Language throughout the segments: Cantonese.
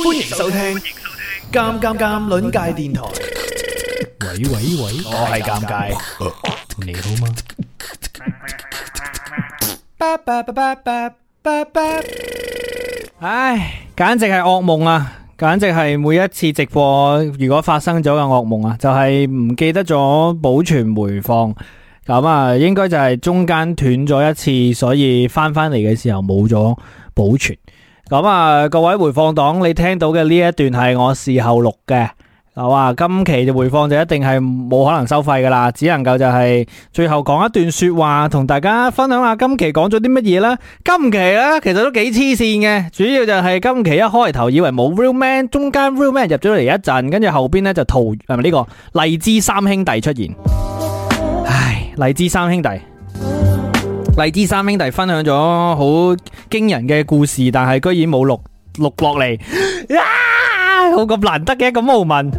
歡迎收聽《尷尷尷》鄰界電台。喂喂喂，我係尷尬。你好嗎？ 唉，簡直係噩夢啊！簡直係每一次直播，如果發生咗嘅噩夢啊，就係、是、唔記得咗保存回放。咁啊，應該就係中間斷咗一次，所以翻返嚟嘅時候冇咗保存。咁啊，各位回放黨，你聽到嘅呢一段係我事後錄嘅，好啊。今期嘅回放就一定係冇可能收費噶啦，只能夠就係最後講一段說話，同大家分享下今期講咗啲乜嘢啦。今期呢，其實都幾黐線嘅，主要就係今期一開頭以為冇 real man，中間 real man 入咗嚟一陣，跟住後邊呢就陶係咪呢個荔枝三兄弟出現？唉，荔枝三兄弟，荔枝三兄弟分享咗好驚人嘅故事，但係居然冇錄錄落嚟，好咁、啊、難得嘅一個 moment，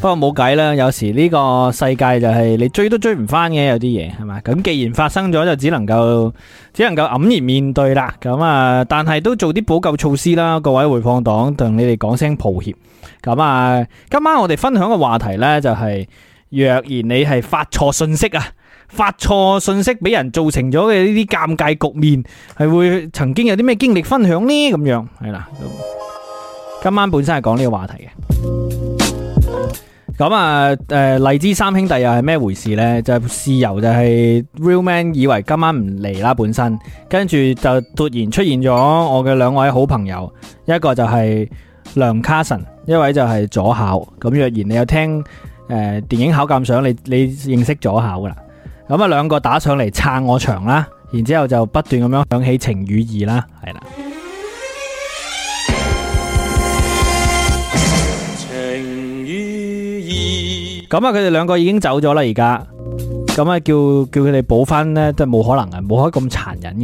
不過冇計啦，有時呢個世界就係你追都追唔翻嘅，有啲嘢係嘛，咁既然發生咗，就只能夠只能夠黯然面對啦，咁啊，但係都做啲補救措施啦，各位回放黨同你哋講聲抱歉，咁啊，今晚我哋分享嘅話題呢，就係、是，若然你係發錯信息啊。發錯信息俾人造成咗嘅呢啲尷尬局面，係會曾經有啲咩經歷分享呢？咁樣係啦，今晚本身係講呢個話題嘅。咁啊，誒，荔枝三兄弟又係咩回事呢？就係事由就係 Real Man 以為今晚唔嚟，啦，本身跟住就突然出現咗我嘅兩位好朋友，一個就係梁卡神，一位就係左考咁。若然你有聽誒電影考鑑賞，你你認識左考噶啦。咁啊，兩個打上嚟撐我場啦，然之後就不斷咁樣響起情與義啦，係啦。情與義。咁啊，佢哋兩個已經走咗啦，而家咁啊，叫叫佢哋補翻呢，都冇可能嘅，冇可以咁殘忍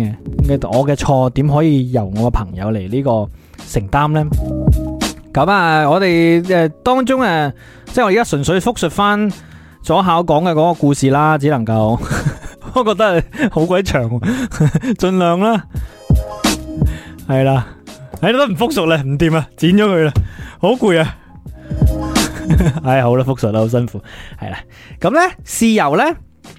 嘅。我嘅錯點可以由我嘅朋友嚟呢個承擔呢？咁啊，我哋誒、呃、當中誒，即係我而家純粹複述翻。左考講嘅嗰個故事啦，只能夠我覺得係好鬼長，盡量啦，係啦，哎都唔複述啦，唔掂啊，剪咗佢啦，好攰啊，哎好啦，複述得好辛苦，係啦，咁咧豉油咧，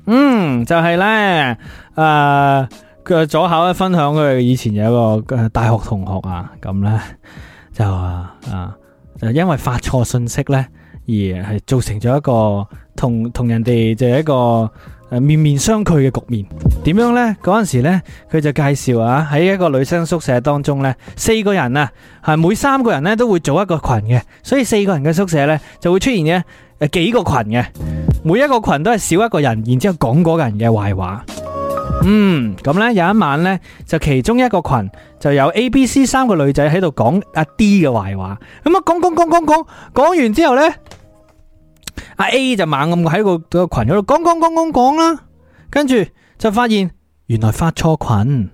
嗯就係咧，誒佢左考咧分享佢以前有一個大學同學啊，咁咧就啊啊就因為發錯信息咧。而係、yeah, 造成咗一個同同人哋就係一個誒面面相覷嘅局面。點樣呢？嗰陣時呢，佢就介紹啊，喺一個女生宿舍當中呢，四個人啊，係每三個人呢都會組一個群嘅，所以四個人嘅宿舍呢，就會出現嘅誒幾個羣嘅，每一個群都係少一個人，然之後講嗰個人嘅壞話。嗯，咁呢，有一晚呢，就其中一個群就有 A、B、C 三個女仔喺度講阿 D 嘅壞話。咁啊，講講講講講講完之後呢。阿 A 就猛咁喺個個群度講講講講講啦，跟住就發現原來發錯群，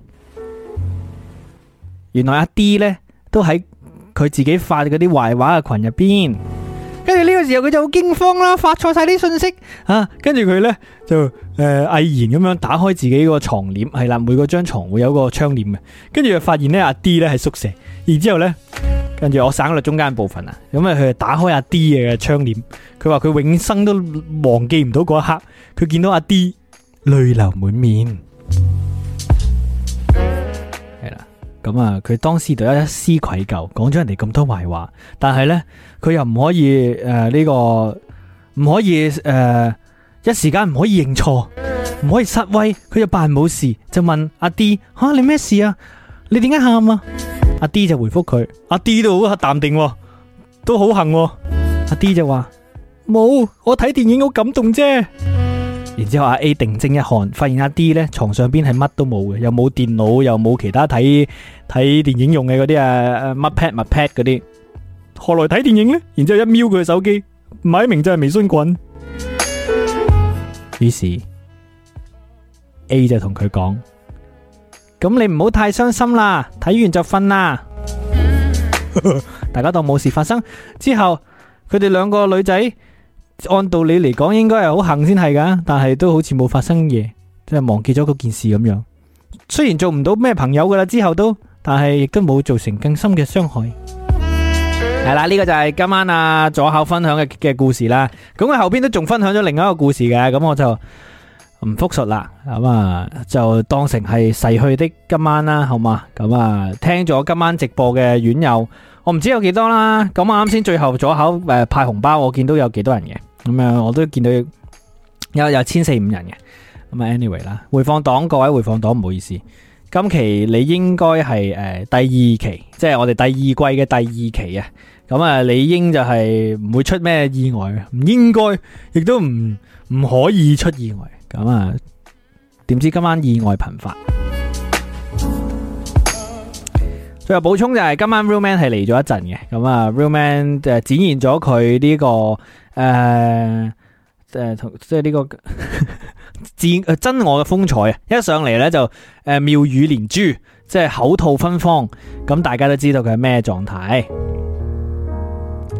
原來阿 D 呢都喺佢自己發嗰啲壞話嘅群入邊，跟住呢個時候佢就好驚慌啦，發錯晒啲信息，啊，跟住佢呢就誒毅然咁樣打開自己個床簾，係啦，每個張床會有個窗簾嘅，跟住就發現呢阿 D 呢係宿舍，然之後咧。跟住我省略中間部分啦，因為佢係打開阿 D 嘅窗簾，佢話佢永生都忘記唔到嗰一刻，佢見到阿 D 淚流滿面，係啦，咁 啊，佢當時就有一絲愧疚，講咗人哋咁多壞話，但係咧，佢又唔可以誒呢、呃呢個唔可以誒、呃、一時間唔可以認錯，唔可以失威，佢就扮冇事，就問阿 D 吓你咩事啊，你點解喊啊？阿 D 就回覆佢，阿 D 都好淡定，都好幸。阿 D 就話冇，我睇電影好感動啫。然之後阿 A 定睛一看，發現阿 D 咧床上邊係乜都冇嘅，又冇電腦，又冇其他睇睇電影用嘅嗰啲啊乜 pad 乜 pad 嗰啲，何來睇電影咧？然之後一瞄佢嘅手機，咪明就係微信滾。於是 A 就同佢講。咁你唔好太傷心啦，睇完就瞓啦。大家當冇事發生。之後佢哋兩個女仔，按道理嚟講應該係好幸先係噶，但係都好似冇發生嘢，即係忘記咗嗰件事咁樣。雖然做唔到咩朋友噶啦，之後都，但係亦都冇造成更深嘅傷害。係啦，呢個就係今晚啊左考分享嘅嘅故事啦。咁佢後邊都仲分享咗另一個故事嘅，咁我就。唔複述啦，咁啊就當成係逝去的今晚啦，好嘛？咁啊聽咗今晚直播嘅院友，我唔知有幾多啦。咁我啱先最後咗口誒派紅包，我見到有幾多人嘅，咁啊，我都見到有有千四五人嘅。咁啊，anyway 啦，回放黨各位回放黨唔好意思，今期你應該係誒第二期，即係我哋第二季嘅第二期啊。咁啊，你應就係唔會出咩意外啊，唔應該，亦都唔唔可以出意外。咁啊，點知今晚意外頻發？最後補充就係今晚 Real Man 係嚟咗一陣嘅，咁啊 Real Man 就、呃、展現咗佢呢個誒即係呢個呵呵真真我嘅風采啊！一上嚟咧就誒、呃、妙語連珠，即係口吐芬芳，咁大家都知道佢係咩狀態。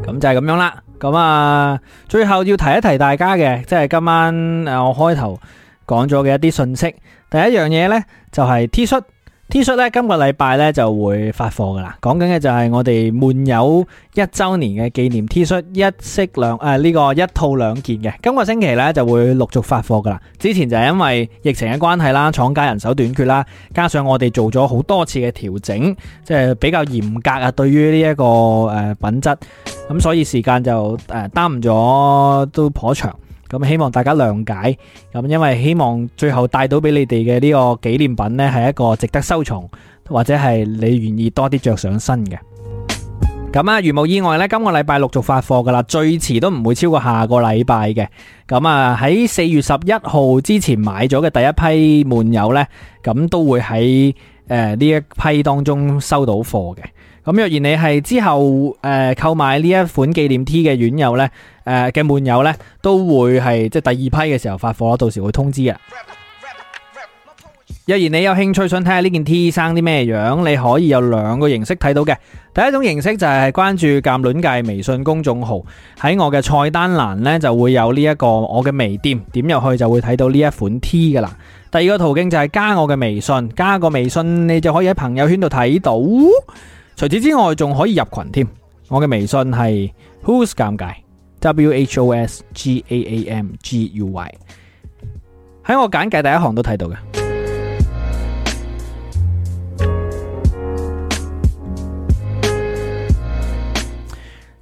咁就係咁樣啦。咁啊，最後要提一提大家嘅，即係今晚我開頭講咗嘅一啲信息。第一樣嘢咧，就係 T 恤。T 恤咧，shirt，今個禮拜咧就會發貨噶啦。講緊嘅就係我哋悶友一周年嘅紀念 T 恤一式兩誒，呢個一套兩件嘅，今個星期咧就會陸續發貨噶啦。之前就係因為疫情嘅關係啦，廠家人手短缺啦，加上我哋做咗好多次嘅調整，即係比較嚴格啊，對於呢一個誒品質，咁所以時間就誒耽誤咗都頗長。咁希望大家諒解，咁因為希望最後帶到俾你哋嘅呢個紀念品咧，係一個值得收藏，或者係你願意多啲着上身嘅。咁啊，如無意外咧，今個禮拜陸續發貨噶啦，最遲都唔會超過下個禮拜嘅。咁啊，喺四月十一號之前買咗嘅第一批悶友咧，咁都會喺。誒呢、呃、一批當中收到貨嘅，咁若然你係之後誒購、呃、買呢一款紀念 T 嘅園友呢，誒嘅悶友呢，都會係即係第二批嘅時候發貨咯，到時會通知嘅。若然你有興趣想睇下呢件 T 生啲咩樣，你可以有兩個形式睇到嘅。第一種形式就係關注鑒戀界微信公眾號，喺我嘅菜單欄呢就會有呢一個我嘅微店，點入去就會睇到呢一款 T 噶啦。第二個途徑就係加我嘅微信，加個微信你就可以喺朋友圈度睇到。除此之外，仲可以入群添。我嘅微信係 Who’s 尷尬 w h o s g a a m g u y 喺我簡介第一行都睇到嘅。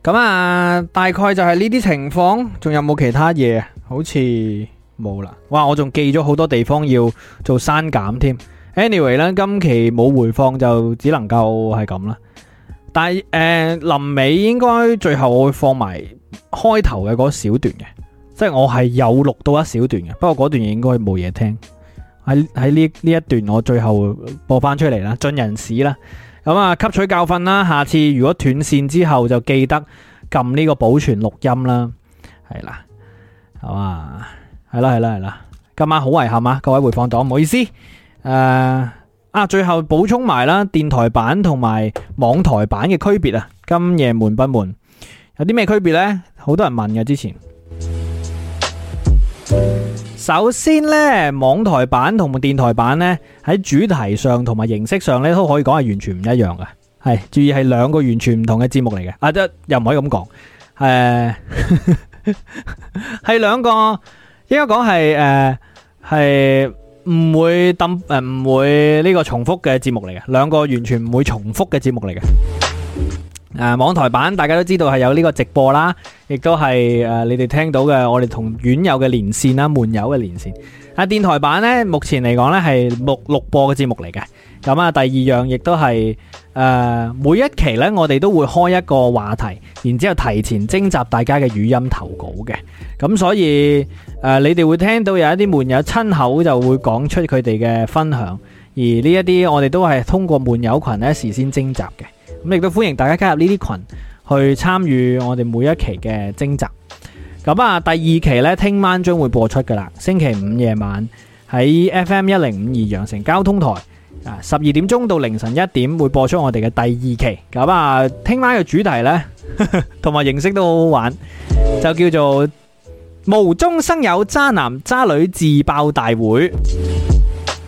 咁啊，大概就係呢啲情況，仲有冇其他嘢？好似冇啦。哇，我仲記咗好多地方要做刪減添。Anyway 啦，今期冇回放就只能夠係咁啦。但係誒，臨尾應該最後我會放埋開頭嘅嗰小段嘅，即係我係有錄到一小段嘅。不過嗰段應該冇嘢聽。喺喺呢呢一段，我最後播翻出嚟啦，盡人事啦。咁啊，吸取教訓啦！下次如果斷線之後，就記得撳呢個保存錄音啦。係啦，好啊，係啦，係啦，係啦。今晚好遺憾啊，各位回放黨，唔好意思。誒、呃、啊，最後補充埋啦，電台版同埋網台版嘅區別啊。今夜悶不悶？有啲咩區別呢？好多人問嘅之前。首先呢，網台版同埋電台版呢，喺主題上同埋形式上呢，都可以講係完全唔一樣嘅。係注意係兩個完全唔同嘅節目嚟嘅。啊，即係又唔可以咁講。誒，係兩個應該講係誒係唔會抌誒唔會呢個重複嘅節目嚟嘅，兩個完全唔會重複嘅節目嚟嘅。誒、啊，網台版大家都知道係有呢個直播啦，亦都係誒你哋聽到嘅，我哋同院友嘅連線啦，悶友嘅連線。啊，電台版呢，目前嚟講呢係錄錄播嘅節目嚟嘅。咁啊，第二樣亦都係誒每一期呢，我哋都會開一個話題，然之後提前徵集大家嘅語音投稿嘅。咁所以誒、啊、你哋會聽到有一啲悶友親口就會講出佢哋嘅分享，而呢一啲我哋都係通過悶友群呢事先徵集嘅。咁亦都歡迎大家加入呢啲群去參與我哋每一期嘅徵集。咁啊，第二期呢，聽晚將會播出噶啦，星期五夜晚喺 FM 一零五二羊城交通台啊，十二點鐘到凌晨一點會播出我哋嘅第二期。咁啊，聽晚嘅主題呢，同埋形式都好好玩,就叫做無中生有渣男渣女自爆大會，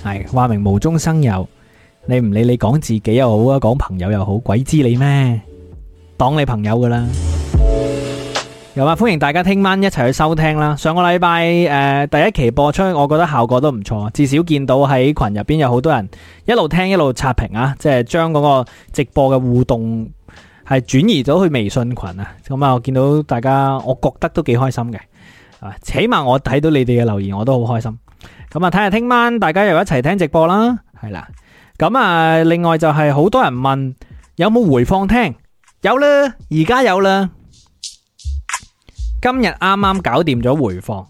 係話明無中生有，你唔理你講自己又好啊，講朋友又好，鬼知你咩？當你朋友噶啦。又話、嗯、歡迎大家聽晚一齊去收聽啦。上個禮拜誒第一期播出，我覺得效果都唔錯，至少見到喺群入邊有好多人一路聽一路刷屏啊，即係將嗰個直播嘅互動係轉移咗去微信群啊。咁、嗯、啊，我見到大家，我覺得都幾開心嘅啊。起碼我睇到你哋嘅留言，我都好開心。咁啊，睇下聽晚大家又一齊聽直播啦，係啦。咁啊，另外就係好多人問有冇回放聽？有啦，而家有啦。今日啱啱搞掂咗回放，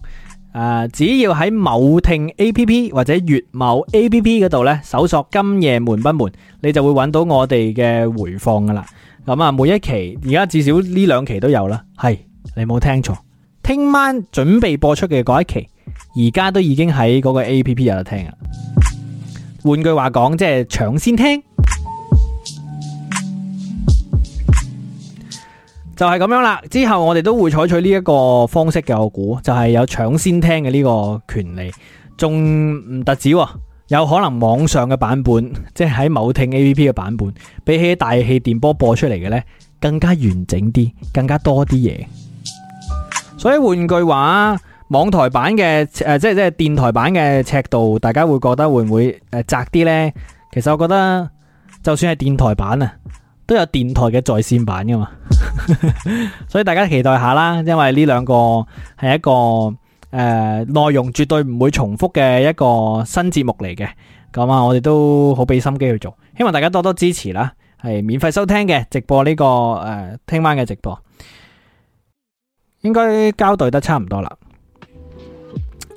誒，只要喺某聽 A P P 或者粵某 A P P 嗰度咧，搜索今夜悶不悶，你就會揾到我哋嘅回放噶啦。咁啊，每一期而家至少呢兩期都有啦。係，你冇聽錯，聽晚準備播出嘅嗰一期，而家都已經喺嗰個 A P P 有得聽啦。換句話講，即係搶先聽，就係、是、咁樣啦。之後我哋都會採取呢一個方式嘅，我估就係有搶先聽嘅呢個權利。仲唔特止？有可能網上嘅版本，即係喺某聽 APP 嘅版本，比起大氣電波播出嚟嘅呢，更加完整啲，更加多啲嘢。所以換句話。網台版嘅誒、呃，即係即係電台版嘅尺度，大家會覺得會唔會誒窄啲呢？其實我覺得就算係電台版啊，都有電台嘅在線版噶嘛， 所以大家期待下啦。因為呢兩個係一個誒內、呃、容絕對唔會重複嘅一個新節目嚟嘅。咁啊，我哋都好俾心機去做，希望大家多多支持啦。係免費收聽嘅直播呢、呢個誒，聽、呃、晚嘅直播應該交代得差唔多啦。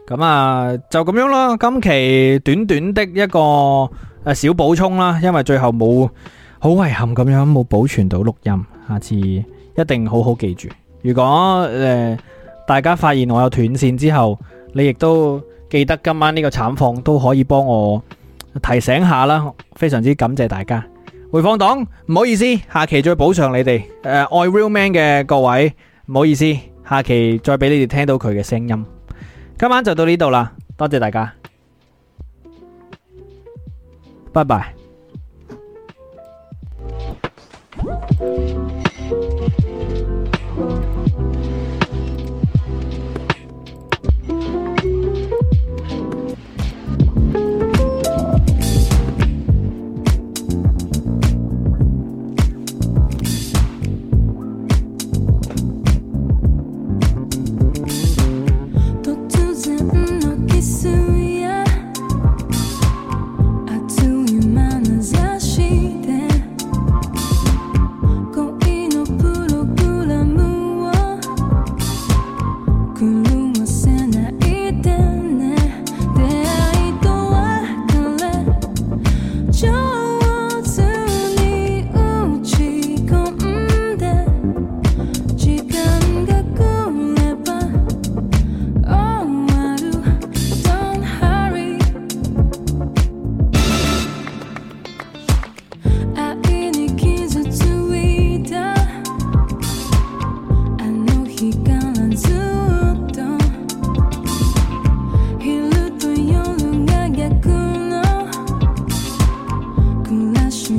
咁啊，就咁樣啦。今期短短的一個誒小補充啦，因為最後冇，好遺憾咁樣冇保存到錄音，下次一定好好記住。如果誒大家發現我有斷線之後，你亦都記得今晚呢個慘況都可以幫我提醒下啦。非常之感謝大家。回放黨，唔好意思，下期再補償你哋。誒愛 real man 嘅各位，唔好意思，下期再俾你哋聽到佢嘅聲音。今晚就到呢度啦，多謝大家！拜拜。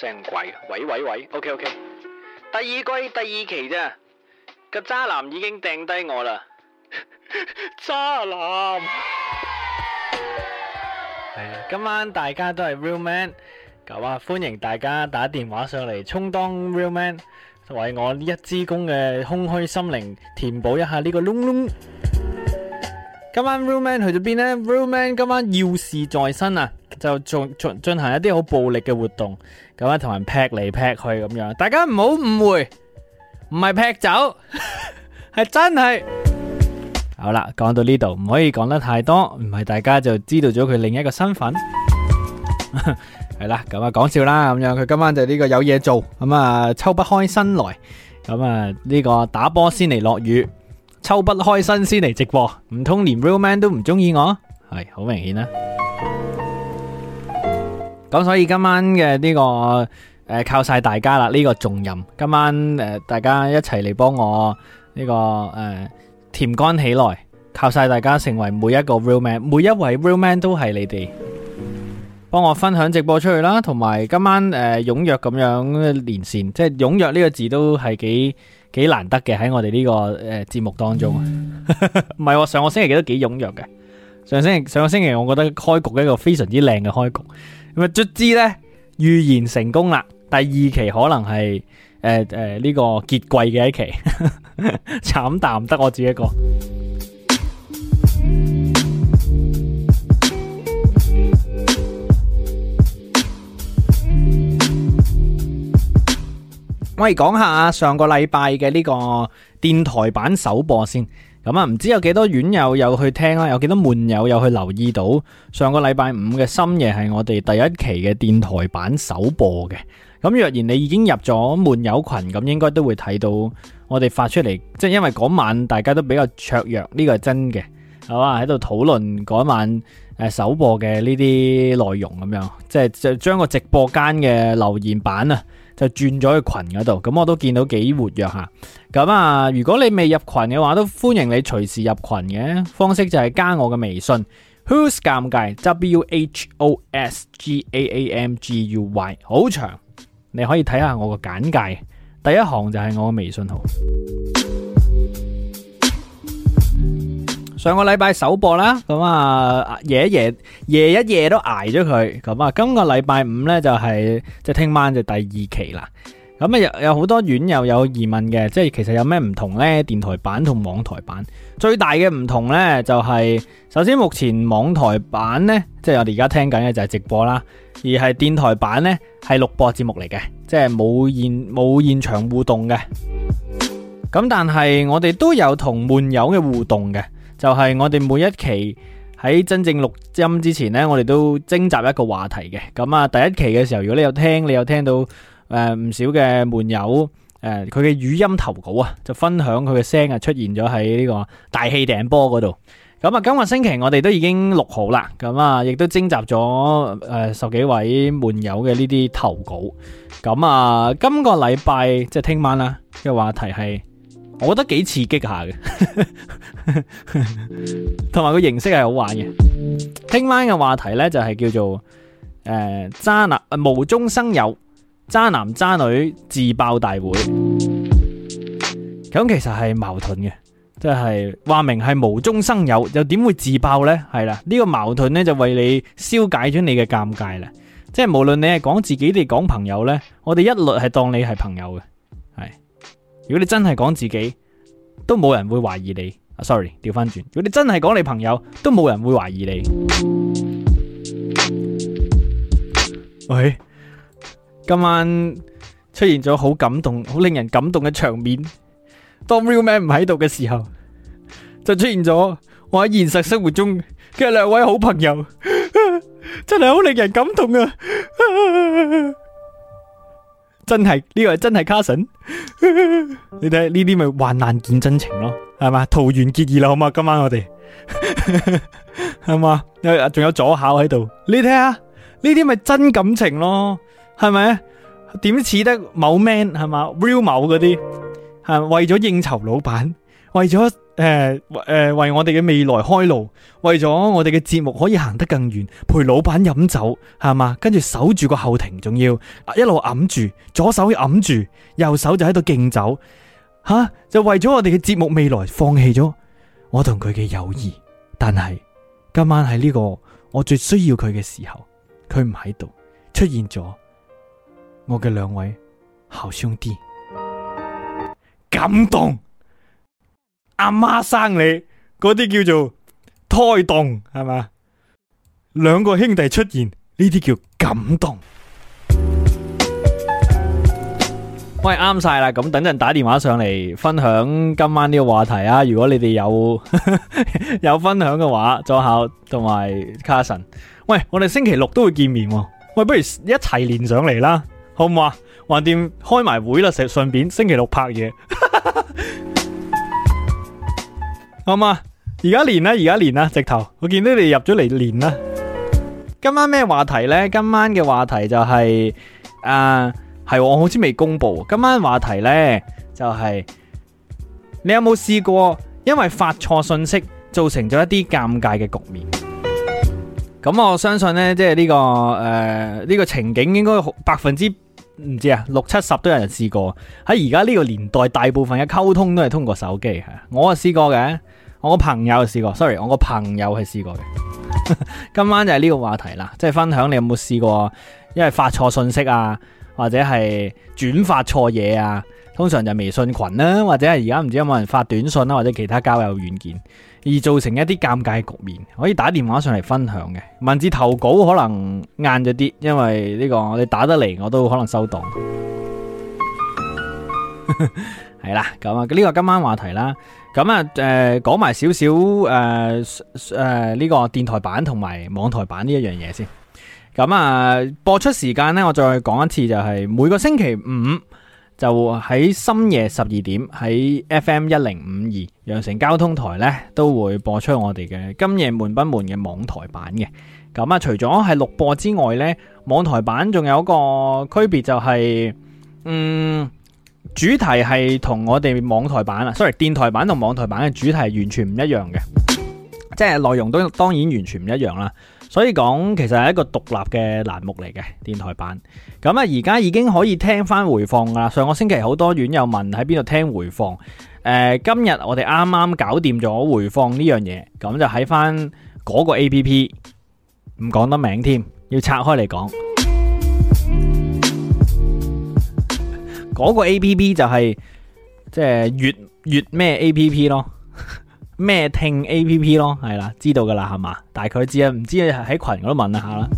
聲鬼，喂喂喂，OK OK，第二季第二期啫，個渣男已經掟低我啦，渣男。係啊，今晚大家都係 Real Man，咁啊，歡迎大家打電話上嚟，充當 Real Man，為我呢一支公嘅空虛心靈填補一下呢個窿窿。今晚 Rouman 去咗邊呢？Rouman 今晚要事在身啊，就做做進行一啲好暴力嘅活動，咁樣同人劈嚟劈去咁樣，大家唔好誤會，唔係劈走，係真係。好啦，講到呢度，唔可以講得太多，唔係大家就知道咗佢另一個身份。係啦，咁啊講笑啦，咁樣佢今晚就呢個有嘢做，咁啊抽不開身來，咁啊呢個打波先嚟落雨。抽不開身先嚟直播，唔通連 real man 都唔中意我？係好明顯啦、啊。咁所以今晚嘅呢、這個誒、呃、靠晒大家啦，呢、這個重任今晚誒、呃、大家一齊嚟幫我呢、這個誒、呃、甜乾起來，靠晒大家成為每一個 real man，每一位 real man 都係你哋。幫我分享直播出去啦，同埋今晚誒踊躍咁樣連線，即係踊躍呢個字都係幾幾難得嘅，喺我哋呢個誒節目當中。唔係喎，上個星期幾都幾踊躍嘅。上星期上個星期，我覺得開局一個非常之靚嘅開局。咁啊，卒之呢，預言成功啦，第二期可能係誒誒呢個結季嘅一期，慘 淡得我自己一個。我哋講下上個禮拜嘅呢個電台版首播先，咁啊，唔知有幾多院友有去聽啦，有幾多悶友有去留意到上個禮拜五嘅深夜係我哋第一期嘅電台版首播嘅。咁若然你已經入咗悶友群，咁應該都會睇到我哋發出嚟，即係因為嗰晚大家都比較雀躍，呢個係真嘅，係啊喺度討論嗰晚誒首播嘅呢啲內容咁樣，即係就將個直播間嘅留言板啊。就轉咗去群嗰度，咁我都見到幾活躍下，咁啊，如果你未入群嘅話，都歡迎你隨時入群嘅方式就係加我嘅微信，Who's 尷尬？W H O S G A A M G U Y，好長，你可以睇下我個簡介，第一行就係我嘅微信號。上個禮拜首播啦，咁啊，夜一夜夜一夜都挨咗佢。咁啊，今個禮拜五呢，就係，就係即係聽晚就第二期啦。咁啊，有好多院友有，有疑問嘅，即係其實有咩唔同呢？電台版同網台版最大嘅唔同呢，就係、係，首先目前網台版呢，即係我哋而家聽緊嘅就係直播啦，而係電台版呢，係錄播節目嚟嘅，即係冇現冇現場互動嘅。咁但係我哋都有同悶友嘅互動嘅。就係我哋每一期喺真正錄音之前呢，我哋都徵集一個話題嘅。咁啊，第一期嘅時候，如果你有聽，你有聽到誒、呃、唔少嘅悶友誒佢嘅語音投稿啊，就分享佢嘅聲啊出現咗喺呢個大氣頂波嗰度。咁啊，今個星期我哋都已經錄好啦，咁啊亦都徵集咗誒十幾位悶友嘅呢啲投稿。咁啊，今個禮拜即係聽晚啦嘅話題係。我覺得幾刺激下嘅，同埋個形式係好玩嘅。聽晚嘅話題呢，就係叫做誒、呃、渣男、呃、無中生有，渣男渣女自爆大會。咁其實係矛盾嘅，即係話明係無中生有，又點會自爆呢？係啦，呢、呢個矛盾呢，就為你消解咗你嘅尷尬啦。即係無論你係講自己定講朋友呢，我哋一律係當你係朋友嘅。如果你真係講自己，都冇人會懷疑你。啊，sorry，掉翻轉。如果你真係講你朋友，都冇人會懷疑你。喂，今晚出現咗好感動、好令人感動嘅場面。當 Real Man 唔喺度嘅時候，就出現咗我喺現實生活中嘅兩位好朋友，真係好令人感動啊！真係呢個係真係卡神， 你睇呢啲咪患難見真情咯，係嘛？桃園結義啦，好嘛？今晚我哋係嘛？仲 有左考喺度，你睇下呢啲咪真感情咯，係咪？點似得某 man 係嘛？real 某嗰啲係為咗應酬老闆，為咗。誒，誒，為我哋嘅未來開路，為咗我哋嘅節目可以行得更遠，陪老闆飲酒係嘛，跟住守住個後庭，仲要一路揞住，左手揞住，右手就喺度敬酒，吓，就為咗我哋嘅節目未來放棄咗我同佢嘅友誼，但係今晚喺呢個我最需要佢嘅時候，佢唔喺度，出現咗我嘅兩位好兄弟，感動。阿媽生你嗰啲叫做胎動係嘛，兩個兄弟出現呢啲叫感動。喂啱晒啦，咁等陣打電話上嚟分享今晚呢個話題啊！如果你哋有 有分享嘅話，左孝同埋卡神，喂，我哋星期六都會見面，喂，不如一齊連上嚟啦，好唔好啊？橫掂開埋會啦，食順便星期六拍嘢。 好嘛，而家連啦，而家連啦，直頭，我見到你入咗嚟連啦。今晚咩話題呢？今晚嘅話題就係、是，啊、呃，係我好似未公佈。今晚話題呢，就係、是，你有冇試過因為發錯信息造成咗一啲尷尬嘅局面？咁我相信呢，即係呢、這個誒呢、呃這個情景應該百分之。唔知啊，六七十都有人試過。喺而家呢個年代，大部分嘅溝通都係通過手機。係，我啊試過嘅，我個朋友試過。Sorry，我個朋友係試過嘅。 今晚就係呢個話題啦，即係分享你有冇試過，因為發錯信息啊，或者係轉發錯嘢啊。通常就微信群啦，或者係而家唔知有冇人發短信啦，或者其他交友軟件，而造成一啲尷尬局面。可以打電話上嚟分享嘅文字投稿可能晏咗啲，因為呢個我哋打得嚟，我都可能收到。係 啦，咁啊呢個今晚話題啦，咁啊誒講埋少少誒誒呢個電台版同埋網台版呢一樣嘢，先。咁啊播出時間呢，我再講一次，就係每個星期五。就喺深夜十二點喺 FM 一零五二羊城交通台呢，都會播出我哋嘅今夜悶不悶嘅網台版嘅。咁啊，除咗係錄播之外呢，網台版仲有一個區別就係、是，嗯，主題係同我哋網台版啊，sorry，電台版同網台版嘅主題完全唔一樣嘅，即係內容都當然完全唔一樣啦。所以講，其實係一個獨立嘅欄目嚟嘅電台版。咁啊，而家已經可以聽翻回放噶啦。上個星期好多院友問喺邊度聽回放。誒、呃，今日我哋啱啱搞掂咗回放呢樣嘢，咁就喺翻嗰個 A P P，唔講得名添，要拆開嚟講。嗰 個 A P P 就係即係粵粵咩 A P P 咯。咩聽 A P P 咯，係啦，知道噶啦，係嘛？大概知呀，唔知喺群嗰度問下啦。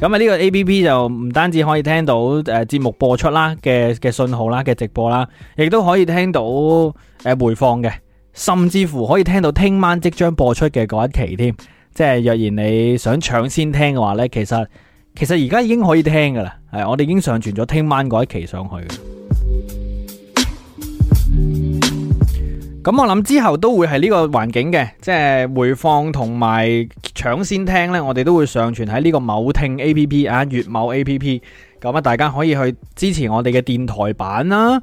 咁啊，呢個 A P P 就唔單止可以聽到誒節目播出啦嘅嘅信號啦嘅直播啦，亦都可以聽到誒回放嘅，甚至乎可以聽到聽晚即將播出嘅嗰一期添。即係若然你想搶先聽嘅話呢，其實其實而家已經可以聽噶啦，係我哋已經上傳咗聽晚嗰一期上去。咁我諗之後都會係呢個環境嘅，即係回放同埋搶先聽呢，我哋都會上傳喺呢個某聽 A P P 啊，月某 A P P，咁啊大家可以去支持我哋嘅電台版啦，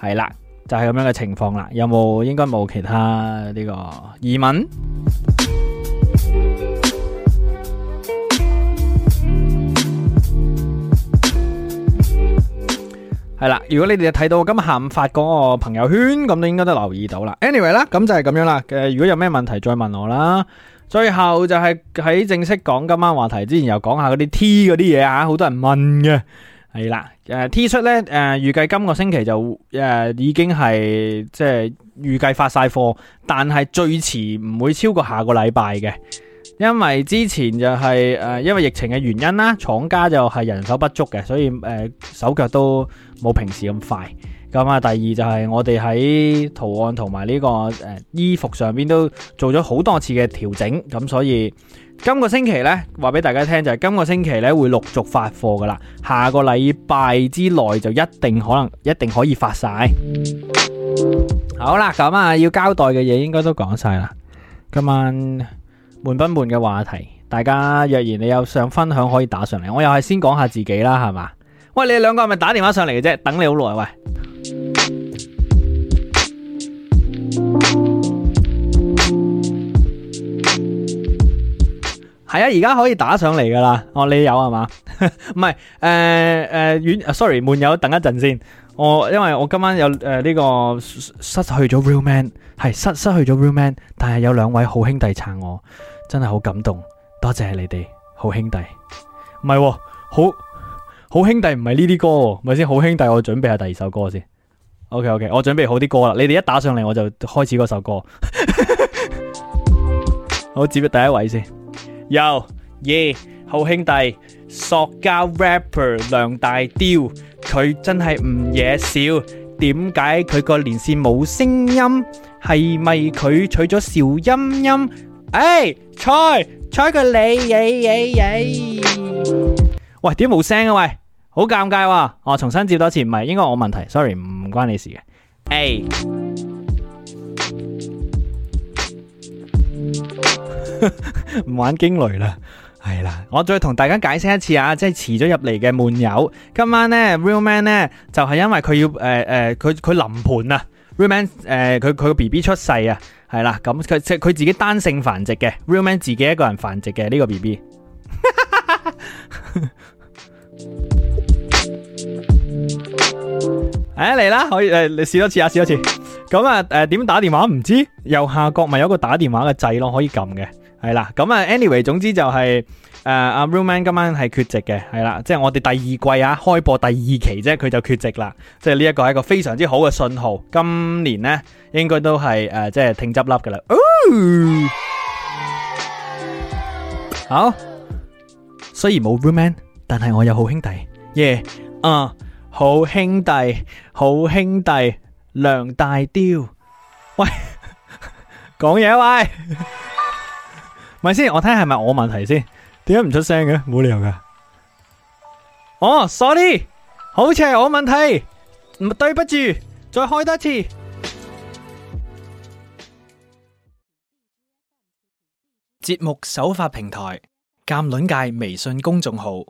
係啦，就係、是、咁樣嘅情況啦，有冇應該冇其他呢、這個疑問？係啦，如果你哋睇到今日下午發嗰個朋友圈，咁你應該都留意到啦。Anyway 啦，咁就係咁樣啦。誒，如果有咩問題再問我啦。最後就係喺正式講今晚話題之前，又講下嗰啲 T 嗰啲嘢吓，好多人問嘅。係啦，誒 T 出呢，誒預計今個星期就誒已經係即係預計發晒貨，但係最遲唔會超過下個禮拜嘅。因為之前就係誒，因為疫情嘅原因啦，廠家就係人手不足嘅，所以誒手腳都冇平時咁快。咁啊，第二就係我哋喺圖案同埋呢個誒衣服上面都做咗好多次嘅調整。咁所以今個星期呢，話俾大家聽就係今個星期呢會陸續發貨噶啦，下個禮拜之內就一定可能一定可以發晒。好啦，咁啊要交代嘅嘢應該都講晒啦，今晚。悶不悶嘅話題？大家若然你有想分享，可以打上嚟。我又係先講下自己啦，係嘛？喂，你兩個係咪打電話上嚟嘅啫？等你好耐，喂。係啊，而家可以打上嚟噶啦。哦，你有係嘛？唔係，誒誒，遠，sorry，悶友，等一陣先。我因為我今晚有誒呢個失去咗 real man，係失失去咗 real man，但係有兩位好兄弟撐我。真係好感動，多謝你哋好兄弟，唔係，好好兄弟唔係呢啲歌，咪先好兄弟，我準備下第二首歌先。O K O K，我準備好啲歌啦，你哋一打上嚟我就開始嗰首歌。好，接住第一位先，又耶，好兄弟，塑膠 rapper 梁大雕，佢真係唔惹笑，點解佢個連線冇聲音？係咪佢取咗少音音？哎，彩彩個你，喂，點冇聲啊？喂，好尷尬喎、啊！我、哦、重新接多次，唔係應該我問題，sorry，唔關你的事嘅。哎，唔 玩驚雷啦，係啦，我再同大家解釋一次啊，即係遲咗入嚟嘅悶友，今晚呢 Real Man 呢，就係、是、因為佢要誒誒，佢佢臨盤啊。呃 Real man，誒、呃，佢佢個 B B 出世啊，係啦，咁佢即係佢自己單性繁殖嘅，Real man 自己一個人繁殖嘅呢、這個 B B。誒，嚟啦，可以誒，你試多次啊，試多次。咁啊，誒，點、呃、打電話唔知？右下角咪有一個打電話嘅掣咯，可以撳嘅。係啦，咁啊，anyway，總之就係誒阿 Roman 今晚係缺席嘅，係啦，即係我哋第二季啊開播第二期啫，佢就缺席啦，即係呢一個係一個非常之好嘅信號，今年呢應該都係誒即係挺執笠㗎啦。哦，好，雖然冇 Roman，但係我有好兄弟，耶，啊，好兄弟，好兄弟，梁大雕，喂，講嘢喂。咪先，我睇下係咪我問題先？點解唔出聲嘅？冇理由噶。哦，sorry，好似係我問題，對不住，再開多次。節目首發平台：鑑論界微信公眾號。